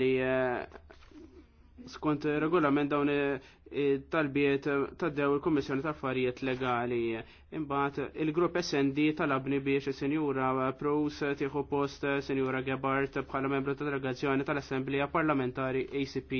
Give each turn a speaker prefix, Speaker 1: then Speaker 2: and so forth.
Speaker 1: li eh, skont regolament dawn talbiet taddew il kummissjoni tal-Affarijiet Legali. Imbagħad il-grupp SND talabni biex is-Sinjura Prous tieħu post Sinjura Gebart bħala membru tad-delegazzjoni tal-Assembleja Parlamentari ACP